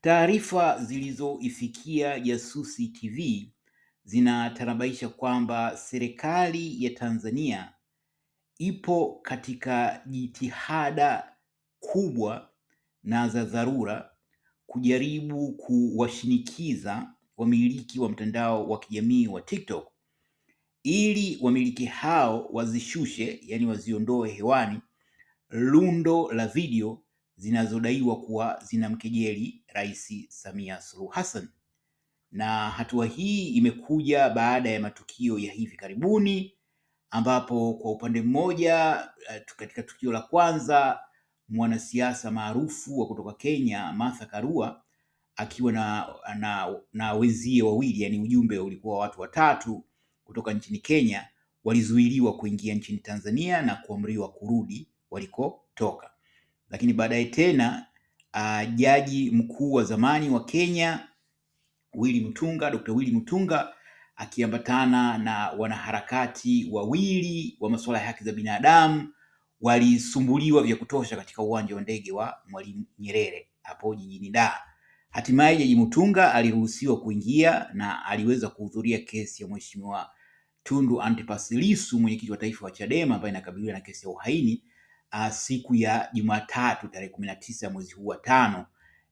Taarifa zilizoifikia Jasusi TV zinatarabaisha kwamba serikali ya Tanzania ipo katika jitihada kubwa na za dharura kujaribu kuwashinikiza wamiliki wa mtandao wa kijamii wa TikTok ili wamiliki hao wazishushe, yaani waziondoe hewani, lundo la video zinazodaiwa kuwa zinamkejeli Rais Samia Suluhu Hassan. Na hatua hii imekuja baada ya matukio ya hivi karibuni ambapo kwa upande mmoja, eh, katika tukio la kwanza, mwanasiasa maarufu wa kutoka Kenya Martha Karua akiwa na, na, na wenzie wawili, yani ujumbe ulikuwa watu watatu kutoka nchini Kenya, walizuiliwa kuingia nchini Tanzania na kuamriwa kurudi walikotoka. Lakini baadaye tena uh, jaji mkuu wa zamani wa Kenya Willy Mutunga, Dr. Willy Mutunga akiambatana na wanaharakati wawili wa masuala ya haki za binadamu walisumbuliwa vya kutosha katika uwanja wa ndege wa Mwalimu Nyerere hapo jijini Dar. Hatimaye Jaji Mutunga aliruhusiwa kuingia na aliweza kuhudhuria kesi ya Mheshimiwa Tundu Antipas Lissu, mwenyekiti wa taifa wa Chadema ambaye inakabiliwa na kesi ya uhaini uh, siku ya Jumatatu tarehe kumi na tisa mwezi huu wa tano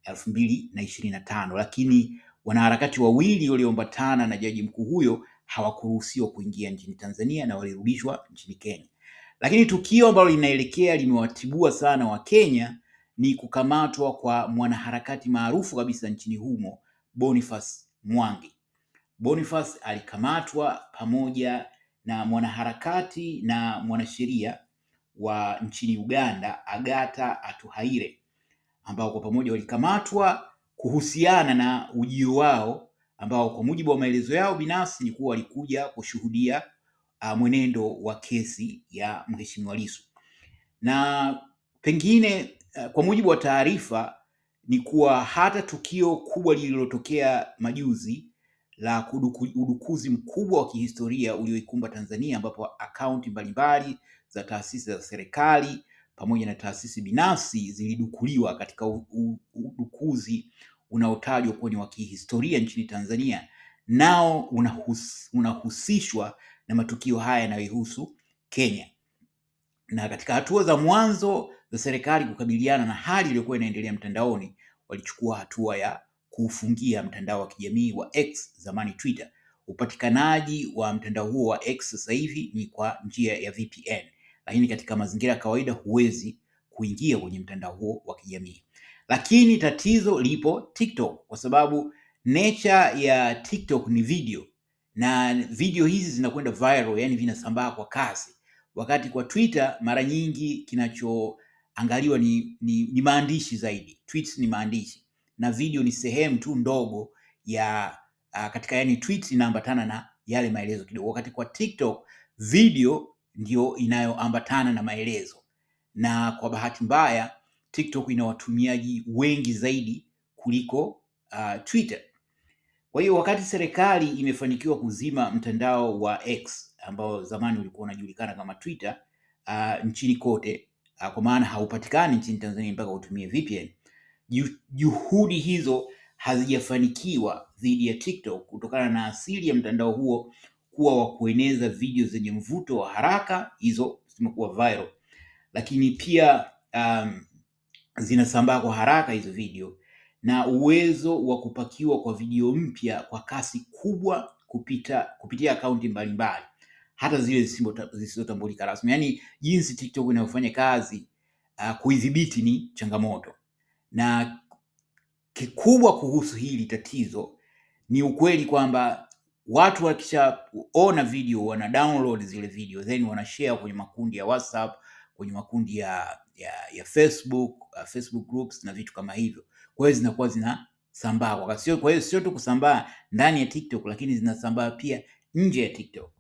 elfu mbili na ishirini na tano lakini wanaharakati wawili walioambatana na jaji mkuu huyo hawakuruhusiwa kuingia nchini Tanzania na walirudishwa nchini Kenya. Lakini tukio ambalo linaelekea limewatibua sana wa kenya ni kukamatwa kwa mwanaharakati maarufu kabisa nchini humo Boniface Mwangi. Boniface alikamatwa pamoja na mwanaharakati na mwanasheria wa nchini Uganda agata Atuhaire ambao kwa pamoja walikamatwa kuhusiana na ujio wao ambao kwa mujibu wa maelezo yao binafsi ni kuwa walikuja kushuhudia uh, mwenendo wa kesi ya Mheshimiwa Lissu na pengine uh, kwa mujibu wa taarifa ni kuwa hata tukio kubwa lililotokea majuzi la kuduku, udukuzi mkubwa wa kihistoria ulioikumba Tanzania ambapo akaunti mbalimbali za taasisi za serikali pamoja na taasisi binafsi zilidukuliwa katika udukuzi unaotajwa kuwa ni wa kihistoria nchini Tanzania, nao unahus, unahusishwa na matukio haya yanayohusu Kenya. Na katika hatua za mwanzo za serikali kukabiliana na hali iliyokuwa inaendelea mtandaoni, walichukua hatua ya kuufungia mtandao wa kijamii wa X, zamani Twitter. Upatikanaji wa mtandao huo wa X sasa hivi ni kwa njia ya VPN lakini katika mazingira ya kawaida huwezi kuingia kwenye mtandao huo wa kijamii. Lakini tatizo lipo TikTok, kwa sababu nature ya TikTok ni video na video hizi zinakwenda viral, yani vinasambaa kwa kasi, wakati kwa Twitter mara nyingi kinachoangaliwa ni, ni, ni maandishi zaidi. Tweets ni maandishi na video ni sehemu tu ndogo ya uh, katika yani tweet inaambatana na yale maelezo kidogo, wakati kwa TikTok video ndio inayoambatana na maelezo, na kwa bahati mbaya TikTok ina watumiaji wengi zaidi kuliko uh, Twitter. Kwa hiyo wakati serikali imefanikiwa kuzima mtandao wa X ambao zamani ulikuwa unajulikana kama Twitter uh, nchini kote uh, kwa maana haupatikani nchini Tanzania mpaka utumie VPN. Juhudi hizo hazijafanikiwa dhidi ya TikTok kutokana na asili ya mtandao huo kuwa wa kueneza video zenye mvuto wa haraka, hizo zimekuwa viral, lakini pia um, zinasambaa kwa haraka hizo video, na uwezo wa kupakiwa kwa video mpya kwa kasi kubwa kupita kupitia akaunti mbalimbali, hata zile zisizotambulika rasmi. Yaani jinsi TikTok inavyofanya kazi uh, kuidhibiti ni changamoto, na kikubwa kuhusu hili tatizo ni ukweli kwamba watu wakishaona video wana download zile video then wanashare kwenye makundi ya WhatsApp, kwenye makundi ya, ya, ya Facebook, uh, Facebook groups na vitu kama hivyo. Kwa hiyo zinakuwa zinasambaa kwa sio, kwa hiyo sio tu kusambaa ndani ya TikTok, lakini zinasambaa pia nje ya TikTok.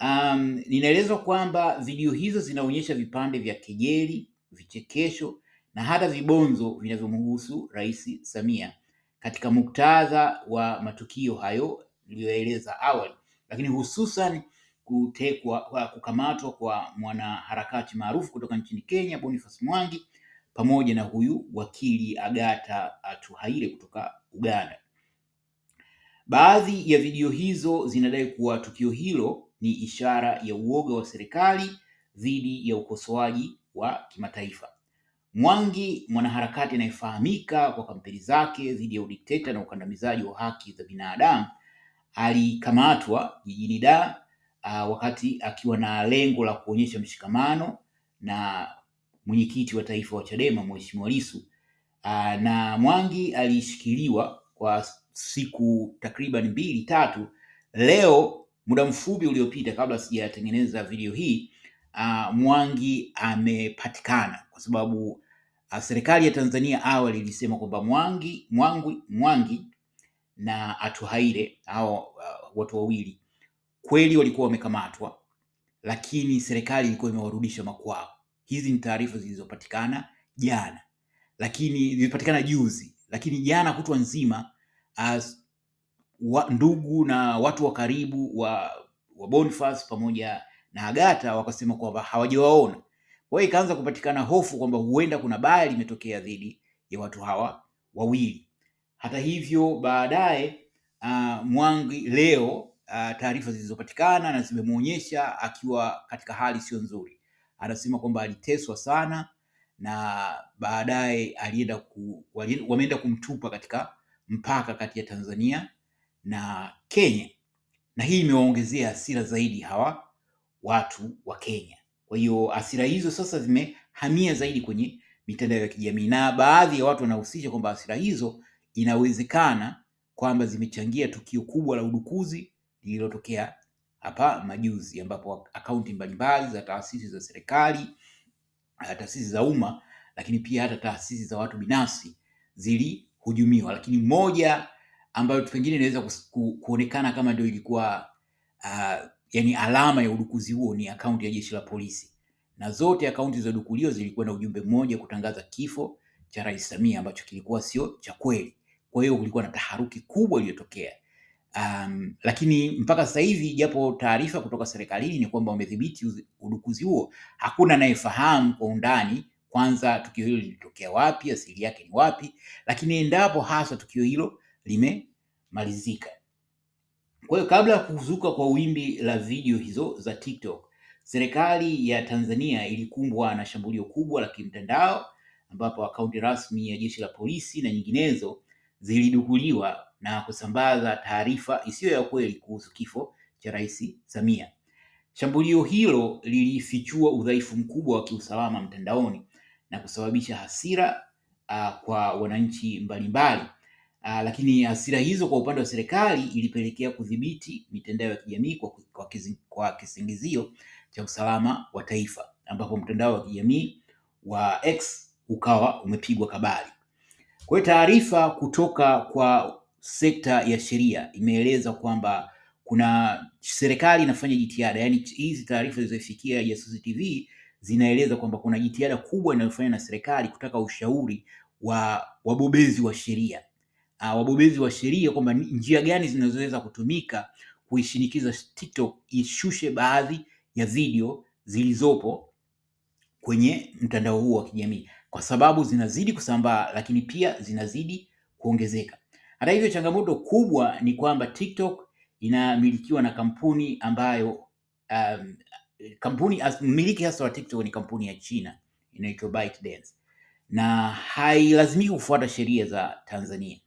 Um, ninaelezwa kwamba video hizo zinaonyesha vipande vya kejeli, vichekesho na hata vibonzo vinavyomhusu Rais Samia katika muktadha wa matukio hayo niliyoeleza awali, lakini hususan kutekwa, kukamatwa kwa mwanaharakati maarufu kutoka nchini Kenya Boniface Mwangi pamoja na huyu wakili Agata Atuhaire kutoka Uganda. Baadhi ya video hizo zinadai kuwa tukio hilo ni ishara ya uoga wa serikali dhidi ya ukosoaji wa kimataifa. Mwangi, mwanaharakati anayefahamika kwa kampeni zake dhidi ya udikteta na ukandamizaji wa haki za binadamu, alikamatwa jijini Dar uh, wakati akiwa na lengo la kuonyesha mshikamano na mwenyekiti wa taifa wa Chadema Mheshimiwa Lissu uh, na Mwangi alishikiliwa kwa siku takriban mbili tatu. Leo muda mfupi uliopita, kabla sijatengeneza video hii uh, Mwangi amepatikana kwa sababu uh, serikali ya Tanzania awali ilisema kwamba Mwangi, Mwangi, Mwangi na Atuhaire hao uh, watu wawili kweli walikuwa wamekamatwa, lakini serikali ilikuwa imewarudisha makwao. Hizi ni taarifa zilizopatikana jana, lakini zilipatikana juzi, lakini jana kutwa nzima as, wa, ndugu na watu wa karibu wa, wa Boniface pamoja na Agata wakasema kwamba hawajawaona. Kwa hiyo ikaanza kupatikana hofu kwamba huenda kuna baya limetokea dhidi ya watu hawa wawili. Hata hivyo baadaye uh, Mwangi leo uh, taarifa zilizopatikana na zimemwonyesha akiwa katika hali sio nzuri, anasema kwamba aliteswa sana na baadaye alienda ku, wameenda kumtupa katika mpaka kati ya Tanzania na Kenya, na hii imewaongezea hasira zaidi hawa watu wa Kenya. Kwa hiyo hasira hizo sasa zimehamia zaidi kwenye mitandao ya kijamii, na baadhi ya watu wanahusisha kwamba hasira hizo inawezekana kwamba zimechangia tukio kubwa la udukuzi lililotokea hapa majuzi, ambapo akaunti mbalimbali za taasisi za serikali, eh, taasisi za umma, lakini pia hata taasisi za watu binafsi zilihujumiwa. Lakini moja ambayo pengine inaweza kuonekana kama ndio ilikuwa uh, yani alama ya udukuzi huo ni akaunti ya jeshi la polisi, na zote akaunti za dukulio zilikuwa na ujumbe mmoja, kutangaza kifo cha Rais Samia ambacho kilikuwa sio cha kweli. Kwa hiyo kulikuwa na taharuki kubwa iliyotokea. Um, lakini mpaka sasa hivi japo taarifa kutoka serikalini ni kwamba wamedhibiti udukuzi huo, hakuna anayefahamu kwa undani kwanza tukio hilo lilitokea wapi, asili yake ni wapi, lakini endapo hasa tukio hilo limemalizika. Kwa hiyo kabla ya kuzuka kwa wimbi la video hizo za TikTok, serikali ya Tanzania ilikumbwa na shambulio kubwa la kimtandao ambapo akaunti rasmi ya jeshi la polisi na nyinginezo zilidukuliwa na kusambaza taarifa isiyo ya kweli kuhusu kifo cha Rais Samia. Shambulio hilo lilifichua udhaifu mkubwa wa kiusalama mtandaoni na kusababisha hasira uh, kwa wananchi mbalimbali. Uh, lakini hasira hizo kwa upande wa serikali ilipelekea kudhibiti mitandao ya kijamii kwa, kwa, kwa kisingizio cha usalama wa taifa ambapo mtandao wa kijamii wa X ukawa umepigwa kabali. Kwa hiyo taarifa kutoka kwa sekta ya sheria imeeleza kwamba kuna serikali inafanya jitihada, yaani hizi taarifa zilizofikia Jasusi TV zinaeleza kwamba kuna jitihada kubwa inayofanywa na serikali kutaka ushauri wa wabobezi wa sheria uh, wabobezi wa sheria kwamba njia gani zinazoweza kutumika kuishinikiza TikTok ishushe baadhi ya video zilizopo kwenye mtandao huu wa kijamii kwa sababu zinazidi kusambaa, lakini pia zinazidi kuongezeka. Hata hivyo, changamoto kubwa ni kwamba TikTok inamilikiwa na kampuni ambayo um, kampuni miliki hasa wa TikTok ni kampuni ya China inaitwa ByteDance na hailazimiki kufuata sheria za Tanzania.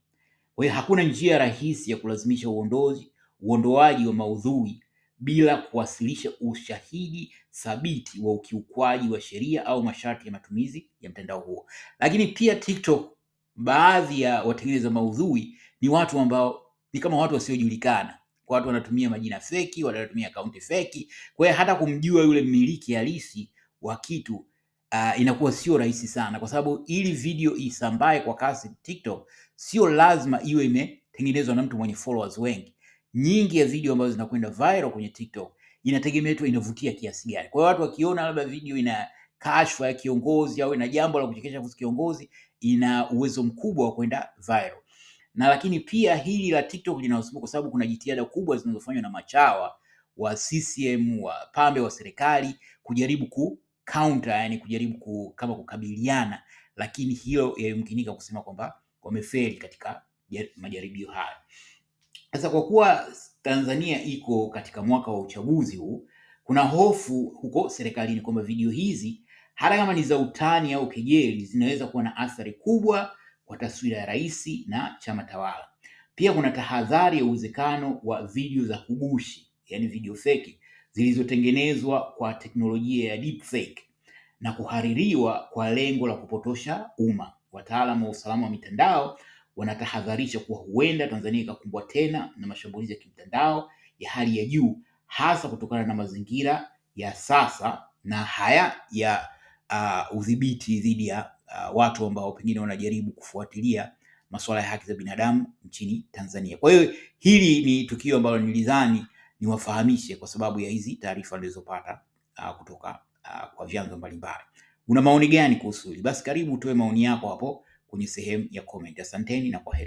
Kwa hiyo hakuna njia rahisi ya kulazimisha uondozi uondoaji wa maudhui bila kuwasilisha ushahidi thabiti wa ukiukwaji wa sheria au masharti ya matumizi ya mtandao huo. Lakini pia TikTok, baadhi ya watengeneza maudhui ni watu ambao ni kama watu wasiojulikana, kwa watu wanatumia majina feki, wanatumia akaunti feki. Kwa hiyo hata kumjua yule mmiliki halisi wa kitu Uh, inakuwa sio rahisi sana kwa sababu ili video isambae kwa kasi TikTok, sio lazima iwe imetengenezwa na mtu mwenye followers wengi nyingi ya video ambazo zinakwenda viral kwenye TikTok inategemea tu inavutia kiasi gani. Kwa hiyo watu wakiona labda video ina kashfa ya kiongozi au ina jambo la kuchekesha kuhusu kiongozi, ina uwezo mkubwa wa kwenda viral. Na lakini pia hili la TikTok linawasumbua kwa sababu kuna jitihada kubwa zinazofanywa na machawa wa CCM wa pambe wa serikali kujaribu ku counter, yani kujaribu ku, kama kukabiliana, lakini hiyo yamkinika kusema kwamba wamefeli katika majaribio hayo. Sasa kwa kuwa Tanzania iko katika mwaka wa uchaguzi huu, kuna hofu huko serikalini kwamba video hizi hata kama ni za utani au kejeli zinaweza kuwa na athari kubwa kwa taswira ya rais na chama tawala. Pia kuna tahadhari ya uwezekano wa video za kugushi, yani video feki zilizotengenezwa kwa teknolojia ya fake na kuhaririwa kwa lengo la kupotosha umma. Wataalamu wa usalama wa mitandao wanatahadharisha kuwa huenda Tanzania ikakumbwa tena na mashambulizi ya kimtandao ya hali ya juu, hasa kutokana na mazingira ya sasa na haya ya uh, udhibiti dhidi ya uh, watu ambao pengine wanajaribu kufuatilia masuala ya haki za binadamu nchini Tanzania. Kwa hiyo hili ni tukio ambalo nilidhani niwafahamishe kwa sababu ya hizi taarifa nilizopata uh, kutoka uh, kwa vyanzo mbalimbali. Una maoni gani kuhusu hili? Basi karibu utoe maoni yako hapo kwenye sehemu ya comment. Asanteni na kwaheri.